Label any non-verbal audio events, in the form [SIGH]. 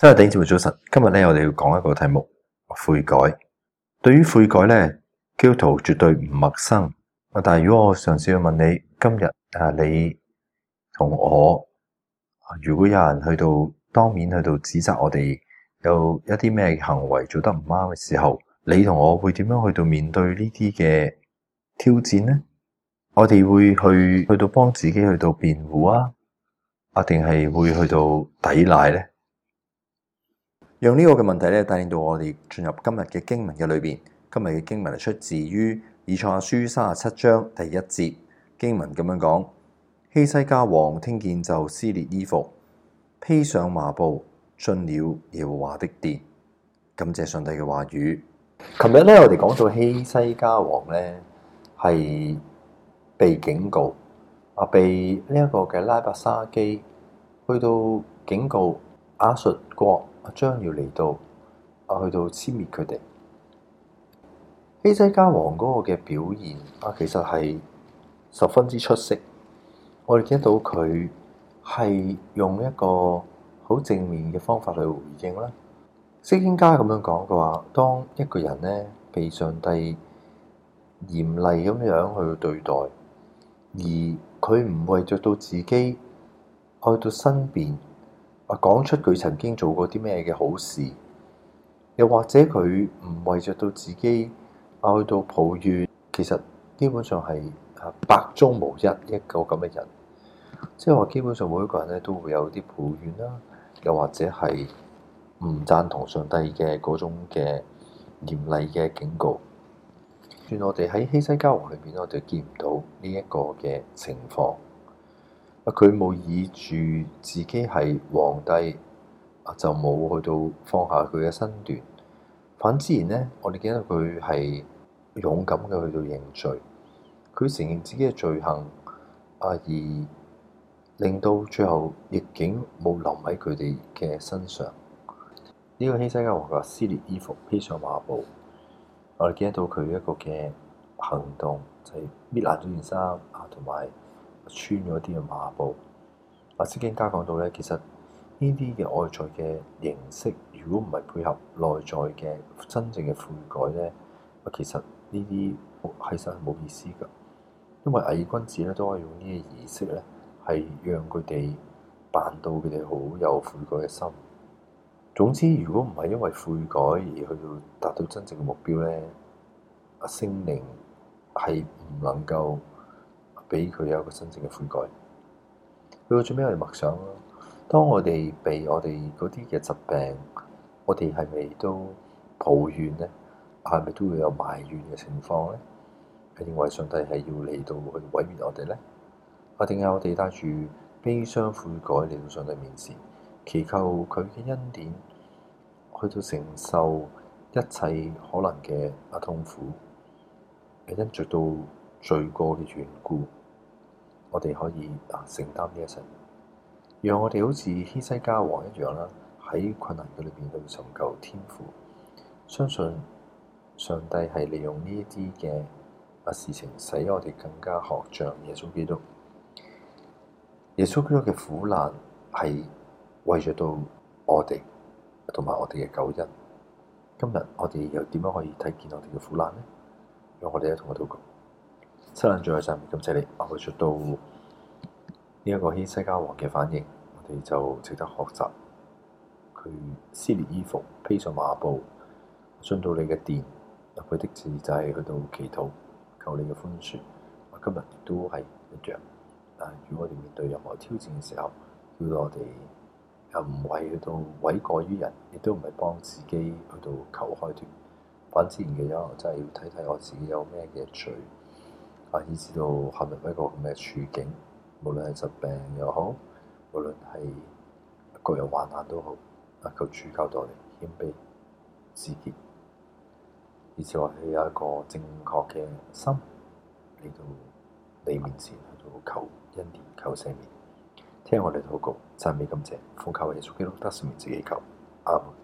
真係頂住，早晨。今日咧，我哋要講一個題目：悔改。對於悔改咧，基督徒絕對唔陌生。啊，但係如果我嘗試去問你，今日啊，你同我，如果有人去到當面去到指責我哋有一啲咩行為做得唔啱嘅時候，你同我會點樣去到面對呢啲嘅挑戰呢？我哋會去去到幫自己去到辯護啊，啊，定係會去到抵賴咧？用呢個嘅問題咧，帶領到我哋進入今日嘅經文嘅裏邊。今日嘅經文出自於以賽亞書三十七章第一節，經文咁樣講：希西家王聽見就撕裂衣服，披上麻布，進了耶和華的殿。感謝上帝嘅話語。琴日咧，我哋講到希西家王咧係被警告，啊，被呢一個嘅拉伯沙基去到警告亞述國。將要嚟到啊，去到殲滅佢哋。希西家王嗰、那個嘅表現啊，其實係十分之出色。我哋見到佢係用一個好正面嘅方法去回應啦。希西家咁樣講嘅話，當一個人呢，被上帝嚴厲咁樣去對待，而佢唔為着到自己愛到身邊。啊！講出佢曾經做過啲咩嘅好事，又或者佢唔為着到自己去、啊、到抱怨，其實基本上係百中無一一個咁嘅人。即係話基本上每一個人咧都會有啲抱怨啦，又或者係唔贊同上帝嘅嗰種嘅嚴厲嘅警告。算我哋喺希西家王裏面，我哋見唔到呢一個嘅情況。佢冇以住自己係皇帝，就冇去到放下佢嘅身段。反之然咧，我哋見到佢係勇敢嘅去到認罪，佢承認自己嘅罪行，啊而令到最後逆境冇臨喺佢哋嘅身上。呢 [MUSIC] 個希西、西家王啊、就是，撕裂衣服披上麻布，我哋見得到佢一個嘅行動就係搣爛咗件衫啊，同埋。穿咗啲嘅麻布。阿師經家講到咧，其實呢啲嘅外在嘅形式，如果唔係配合內在嘅真正嘅悔改咧，其實呢啲其實係冇意思㗎。因為偽君子咧，都係用呢啲儀式咧，係讓佢哋扮到佢哋好有悔改嘅心。總之，如果唔係因為悔改而去到達到真正嘅目標咧，阿聖靈係唔能夠。俾佢有一個真正嘅悔改。去到最尾，我哋默想咯。當我哋被我哋嗰啲嘅疾病，我哋係咪都抱怨呢？係咪都會有埋怨嘅情況呢？係認為上帝係要嚟到去毀滅我哋呢？啊，定係我哋帶住悲傷悔改嚟到上帝面前，祈求佢嘅恩典，去到承受一切可能嘅啊痛苦，係因着到罪過嘅緣故。我哋可以啊，承擔呢一切，讓我哋好似希西家王一樣啦，喺困難嘅裏邊都尋求天父。相信上帝係利用呢一啲嘅啊事情，使我哋更加學像耶穌基督。耶穌基督嘅苦難係為咗到我哋同埋我哋嘅救恩。今日我哋又點樣可以睇見我哋嘅苦難呢？讓我哋一齊同我禱告。親人仲喺陣，感謝你。我哋做到。呢一個希西家王嘅反應，我哋就值得學習。佢撕裂衣服，披上麻布，進到你嘅殿，立佢的志，就係去到祈禱，求你嘅寬恕。我今日亦都係一樣。但係，如果我哋面對任何挑戰嘅時候，叫到我哋又唔係去到委過於人，亦都唔係幫自己去到求開脫。反自然嘅嘢，真係要睇睇我自己有咩嘅罪，啊，以致到陷入一個咁嘅處境。無論係疾病又好，無論係個人患難都好，啊，求主救到你，謙卑自潔，而且我係有一個正確嘅心，嚟到你面前去求恩典，求赦免，聽我哋禱告，讚美感謝，奉靠耶穌基督得赦免自己求，阿門。